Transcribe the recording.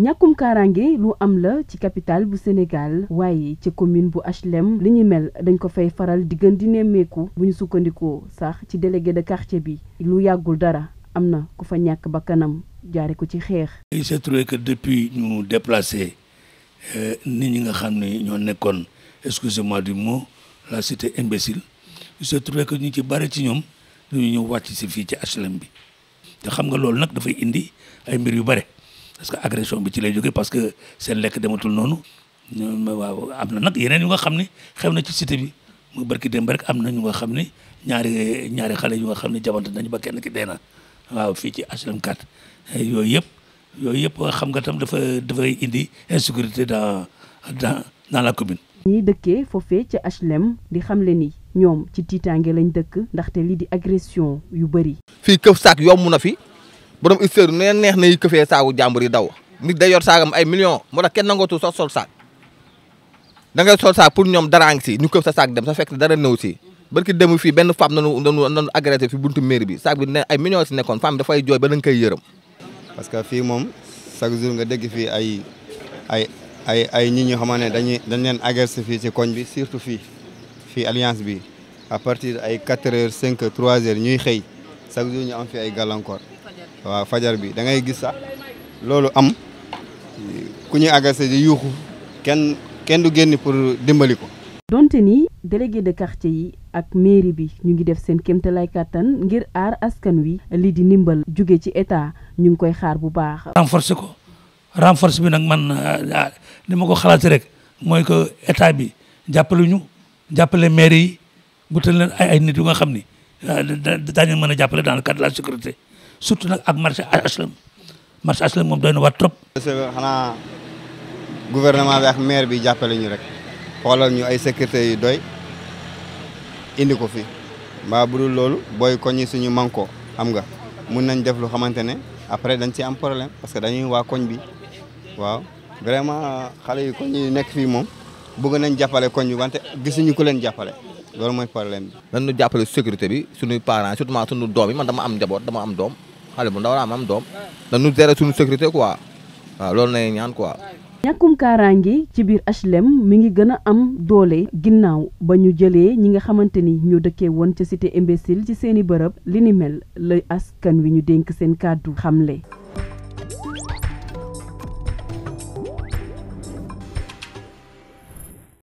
ñàkkum kaaraange lu am la ci capital bu senegaal waaye ci commune bu HLM liñu mel dañ ko fay faral di di nemmeeku buñu sukkandikoo sax ci délégué de quartier bi lu yàggul dara am na ku fa ñàkk bakkanam jaare ko ci xeex. il s'est trouvé que depuis ñu déplacé euh, nit ñi nga xam ne ñoo nekkoon excusez-moi du mot la cité imbécile il ñu ci bari ci ñoom. dañuy ñëw wàcc si fii ci HLM bi te xam nga loolu nag dafay indi ay mbir yu bare parce que agression bi ci lay jóge parce que seen lekk dematul noonu waaw am na nag yeneen yu nga xam ne xew na ci cité bi mu barki démb rek am na ñu nga xam ne ñaari ñaari xale yu nga xam ne jamante nañu ba kenn ki dee na waaw fii ci HLM 4 yooyu yëpp yooyu yëpp xam nga tam dafa dafay indi insécurité dans dans dans la commune. ñiy dëkkee foofee ca HLM di xamle ni. ñoom ci tiitaange lañ dëkk ndaxte lii di agression yu bëri. fii këf saak yomb na fi borom histoire nee neex na yi këfee saagu jàmbur yi daw nit day yor saagam ay millions moo kenn nangootu sax sol saak da ngay sol saak pour ñoom dara si ñu këf sa saak dem sa fekk dara néew si. barki dem fii benn femme nanu nanu nanu agressé fi buntu mairie bi saak ne ay millions si nekkoon femme dafay jooy ba da nga koy yërëm. parce que fii moom chaque jour nga dégg fii ay ay ay ay nit ñoo xamante ne dañuy dañ leen agressé fii koñ bi surtout fii. fii alliance bi à partir ay 4 heures 5 trois 3 heures ñuy xëy chaque jour ñu am fi ay gàllankoor waaw fajar bi da ngay gis sax loolu am ku ñu agacé di yuuxu kenn kenn du génn pour dimbali ko. donte ni délégué de quartier yi ak mairie bi ñu ngi def seen kéemtalaay kàttan ngir aar askan wi lii di ndimbal jóge ci état ñu ngi koy xaar bu baax. renforcer ko renforce bi nag man ah, ah, li ma ko xalaati rek mooy que état bi jàppaluñu jàppale maire yi wutal leen ay ay nit yu nga xam ni ah, daañu ma a jàppale dans le cadre de la sécurité surtout nag ak marché HLM marché HLM moom doy na waat trop. xanaa gouvernement bi ak maire bi jàppale ñu rek xoolal ñu ay sécurité yu doy indi ko fi mbaa bu du loolu booy koñi suñu manko xam nga mun nañ def lu xamante ne après dañ ci am problème parce que dañuy waa koñ bi waaw vraiment xale yu koñ nekk fii moom. bëgg nañ jàppale koñ bi wante gisuñu ko leen jàppale loolu mooy problème bi. nan ñu jàppale sécurité bi suñuy parents surtout maa suñu doom yi man dama am njaboot dama am doom xale bu ndaw laa am doom nan ñu gérer suñu sécurité quoi waaw loolu lay ñaan quoi. ñàkkum kaaraange ci biir HLM mi ngi gën a am doole ginnaaw ba ñu jëlee ñi nga xamante ni ñoo dëkkee woon ca cité imbécile ci seeni bërëb li ni mel la askan wi ñu denk seen kàddu xamle.